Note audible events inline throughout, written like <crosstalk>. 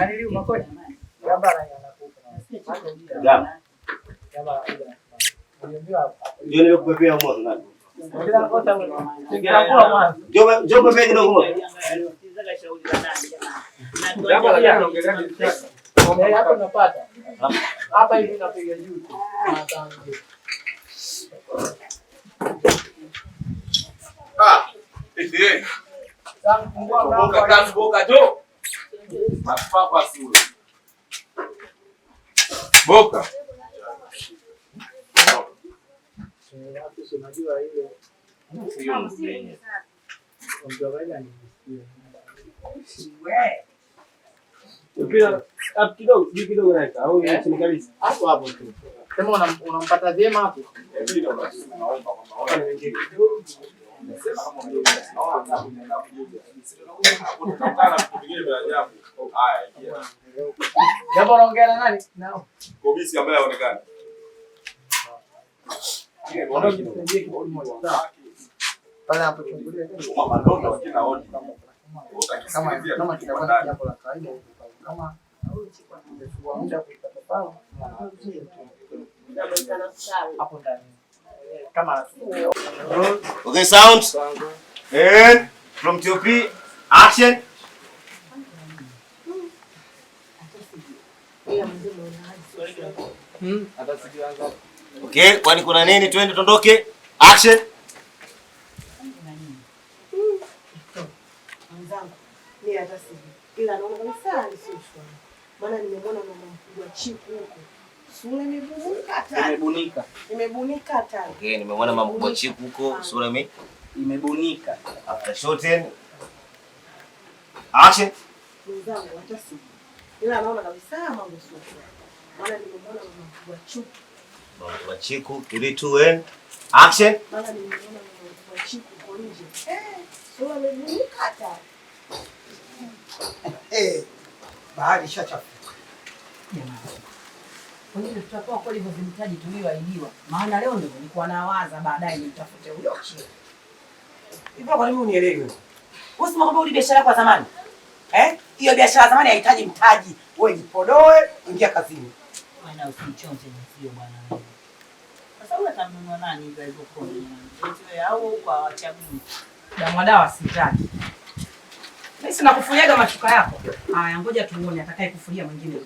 Ah, eti. Eh, eh. Sasa mfungue mlango. Boka. Unampata vyema hapo. Jambo naongea na jambo la kawaida Kama Okay, sound. And from TOP, action. Okay, kwani kuna nini? Twende tondoke. Action. Ila naona kabisa ni sawa. Maana nimemwona mama mkubwa chiku huko. Sura imebunika tani. Imebunika. Imebunika tani. Okay, nimemwona mama Bochiku huko, sura ime imebunika. After shorten. Ache. Mzangu hata si. Ila naona kabisa mambo sio. Maana nimemwona mama Bochiku. Mama Bochiku, three two and action. Eh, eh, bahari shachafuka. Wengine tutakuwa kweli hivyo vimtaji tulioahidiwa. Maana leo ndio nilikuwa nawaza baadaye nitafute huyo chini. Hivyo kwa nini unielewe? Usema kwamba uli biashara kwa zamani. Eh? Hiyo biashara zamani haihitaji mtaji. Wewe jipodoe, ingia kazini. Maana usichonje mzio bwana. Sasa wewe utamnunua nani hizo hizo kodi? Wewe au kwa wachaguzi. Damu dawa sitaki. Mimi sina kufuliaga mashuka yako. Haya, ngoja tuone atakaye kufulia mwingine.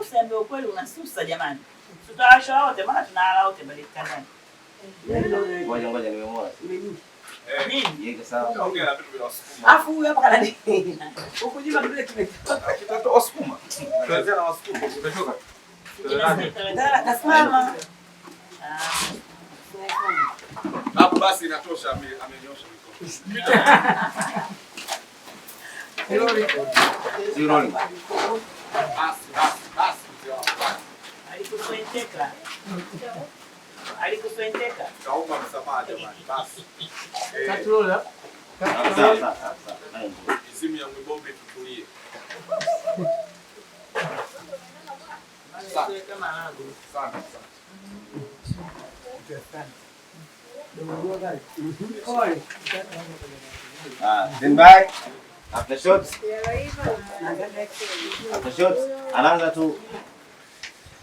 Usiambe ukweli, unasusa jamani. Tutawasha wote, maana tunalala wote baridi kadani. Ngoja ngoja, nimemwona. Alafu huyu hapa kana Huku jima kidole kimetoka. Kitoto wasukuma. Tuanze na wasukuma. Utachoka. Ndala kasimama. Ah. Hapo basi inatosha, amenyosha mikono. Zero. Zero alikuswenteka, alikuswenteka. Kaomba msamaha jamani, basi eh. Katulola izimu ya Mwibombe tutulie. Anaanza tu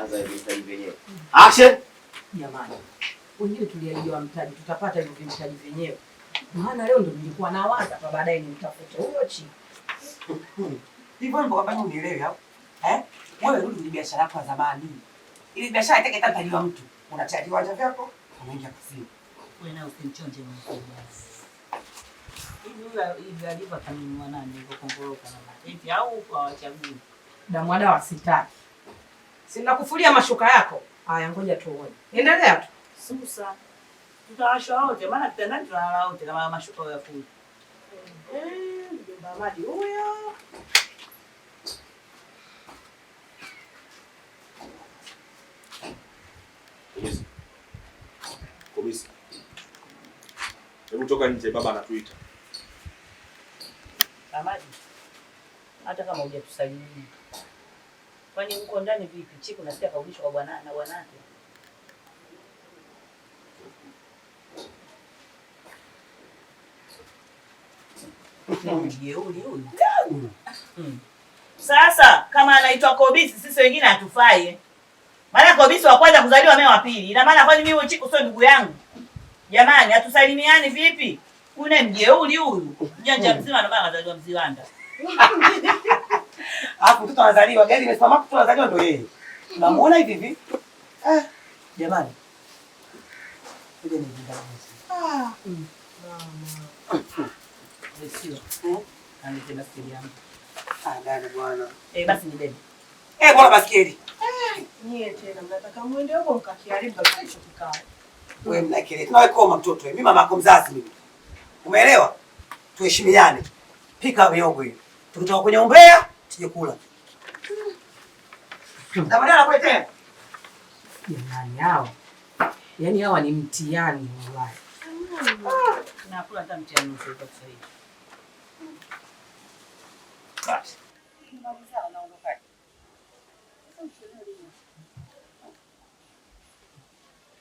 anza Action. Jamani, wengine tulialijua mtaji, tutapata hivyo vimtaji vyenyewe. Maana leo ndo nilikuwa na waza kwa baadaye nimtafute huyo chi. Hivyo ndio kwa unielewe hapo. Eh? Wewe rudi kwenye biashara yako ya zamani. Ili biashara itake hata mtaji wa mtu. Unachaji viwanja vyako, unaingia kazini. Wewe nao usimchonje mtu. Hivi huyu alipa kanunua nani? Yuko kongoroka na mate. Au kwa Na Damu wa sitaki. Sinakufulia mashuka yako. Aya, ngoja tuone. Endelea tu. Susa. Tutawasha wote maana kitandani tunalala wote kama mashuka ya kuni. Eh, mjomba maji huyo. Komisi. Hebu toka nje, baba anatuita. Mamaji. Hata kama hujatusaidia Kwani huko ndani vipi? Chiku nasikia kaulishwa kwa bwana na bwanake. Mjeuri huyu. Hmm. Sasa kama anaitwa Kobisi, sisi wengine hatufai. Eh. Maana Kobisi wa kwanza kuzaliwa mimi wa pili. Ina maana kwani mimi Chiku sio ndugu yangu? Jamani, hatusalimiani vipi? Une mjeuri huyu. Mjanja mzima ndio maana kazaliwa Mziwanda. <laughs> Alafu mtoto anazaliwa, gari yaani imesimama, mtoto anazaliwa ndio yeye. Unamuona hivi hivi. Ah, jamani. Ngoja ni ndani. Ah. Mama. Ndio. Eh? tena maskeli yangu. Ah, dada bwana. Eh, basi ni bebe. Eh, bora maskeli. Eh, nyie tena mnataka muende huko mkakiharibu kabisa hicho kikao. Wewe mnakile. Tunawe koma mtoto. wewe. Mimi mama yako mzazi mimi. Umeelewa? Tuheshimiane. Pika miogo hiyo. Tukitoka kwenye umbea Sije kula. Na baadaye anakuletea. Jamani hao. Yaani hawa ni mtihani wallahi. Na hata mtihani usio kwa sasa hivi. Basi.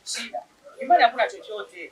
Shida. hakuna chochote.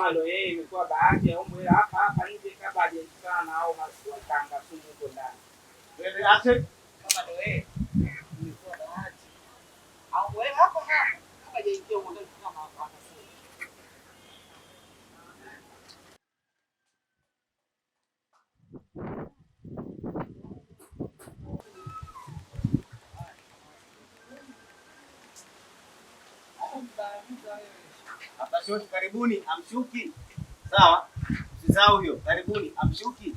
Kama leo yeye imekuwa bahati ya umwe hapa hapa nje kabla hajafika nao basi wakanga sumu huko ndani. Wewe ache kama leo yeye imekuwa bahati. Au wewe hapo hapa kama hajaingia huko ndani kama hapa hapa. Thank you. Abashoti, karibuni amshuki. Sawa, usisahau hiyo. Karibuni amshuki.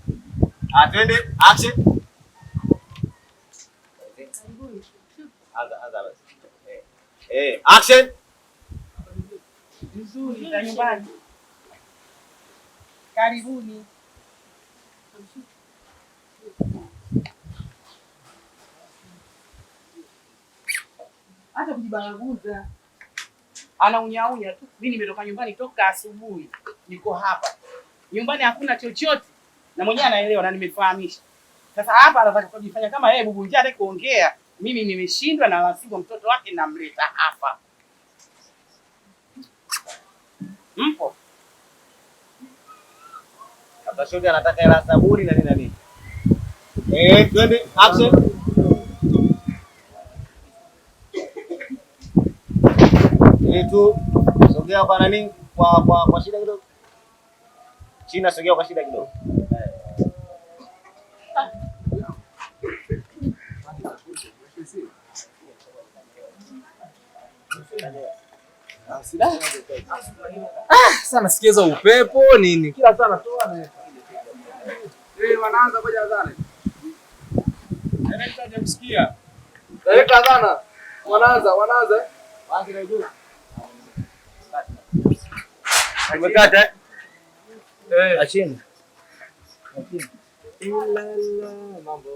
atende ah, ache action. Eh, eh, action. Hata kujibaraguza anaunyaunya tu. Mimi nimetoka nyumbani toka asubuhi, niko hapa nyumbani, hakuna chochote, na mwenyewe anaelewa na nimefahamisha. Sasa hapa anataka kujifanya kama yeye bubu njia kuongea. Mimi nimeshindwa, na lazima mtoto wake namleta hapa. Mpo Abdashodi anataka hela sabuni na nini na nini, eh, twende action Vitu sogea kwa nani? Kwa kwa kwa shida kidogo. China sogea kwa shida kidogo. Ah, sana sikiza upepo nini? Kila sana toa na. Eh, wanaanza kwa jazana. Nenda msikia. Wanaanza, wanaanza. Wanaanza. na juu. Umekata eh? Achini. Mambo.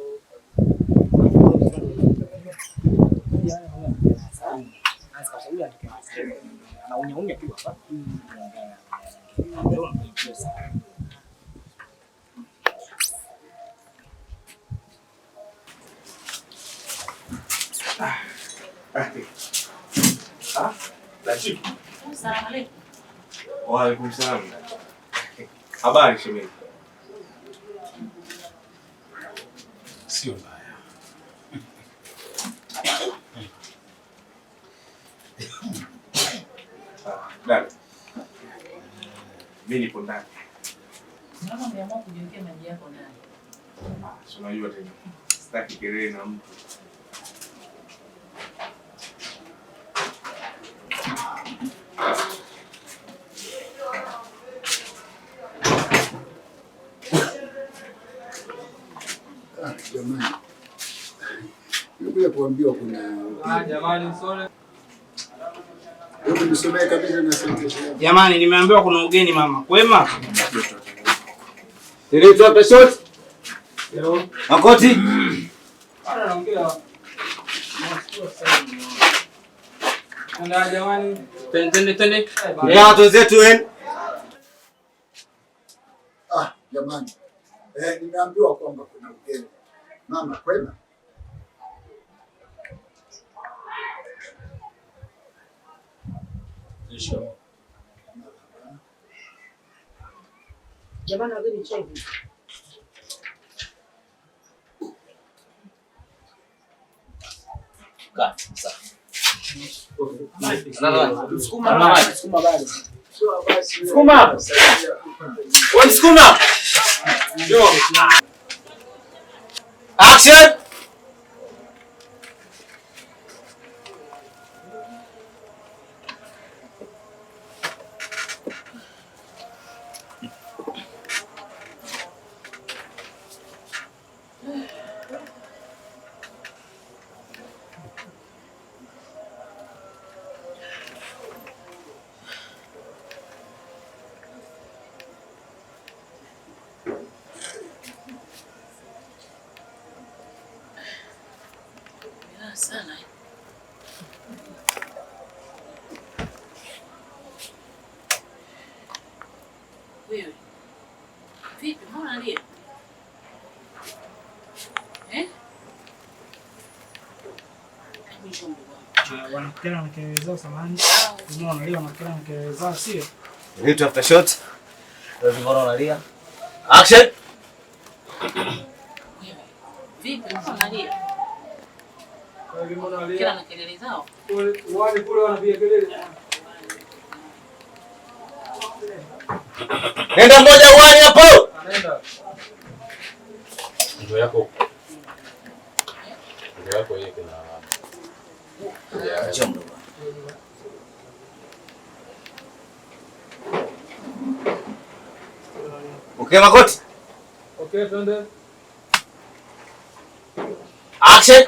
Ah. Ah. Ah. Salamu alaykum. Waalaikum salaam. Habari shemeji? Sio mbaya. mimi nipo ndani. Ah, unajua tena, sitaki kelele na mtu kuambiwa kuna ah, jamani, nimeambiwa kuna ugeni mama. Kwema makoti eh. Ah, jamani. Eh, nimeambiwa kwamba kuna ugeni. Mama, kwema? Mheshimiwa. Action. Ah, sana. Wewe vipi, mbona nalia eh? Ah, na kelele zao, samahani. Ah, unalia wanakukera na kelele zao, sio? Vitu after shot. Lazima unalia. Action. kila na Nenda moja uani hapo. Ndio yako. Ndio yako yeye kuna. Okay, Makoti. Okay, twende. Action.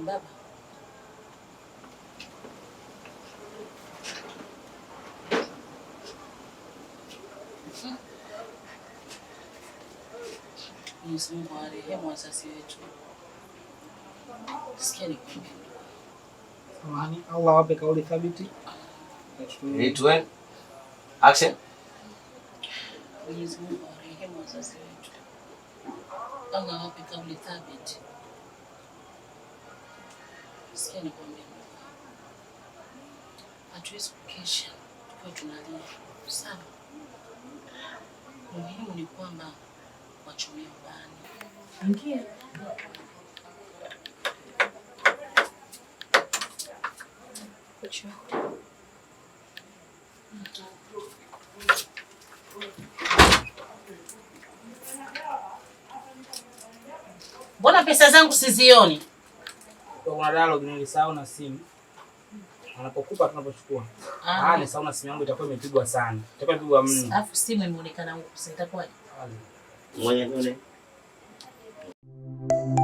Baba. Mwenyezi Mungu awarehemu wazazi wetu. Allah awape kauli thabiti. Action. Mwenyezi Mungu awarehemu wazazi wetu. Allah awape kauli thabiti. Sikia nikwambie, hatuwezi kukesha tukiwa tunalia, sawa? Muhimu ni kwamba wachomie ubani. Ingia. Mbona pesa zangu sizioni? kuna dialogue nilisahau na simu anapokupa tunapochukua. Ah, ni sauna simu yangu itakuwa imepigwa sana. Itakuwa imepigwa mno. Alafu simu imeonekana huko, sasa itakuwa. Mwenye nini?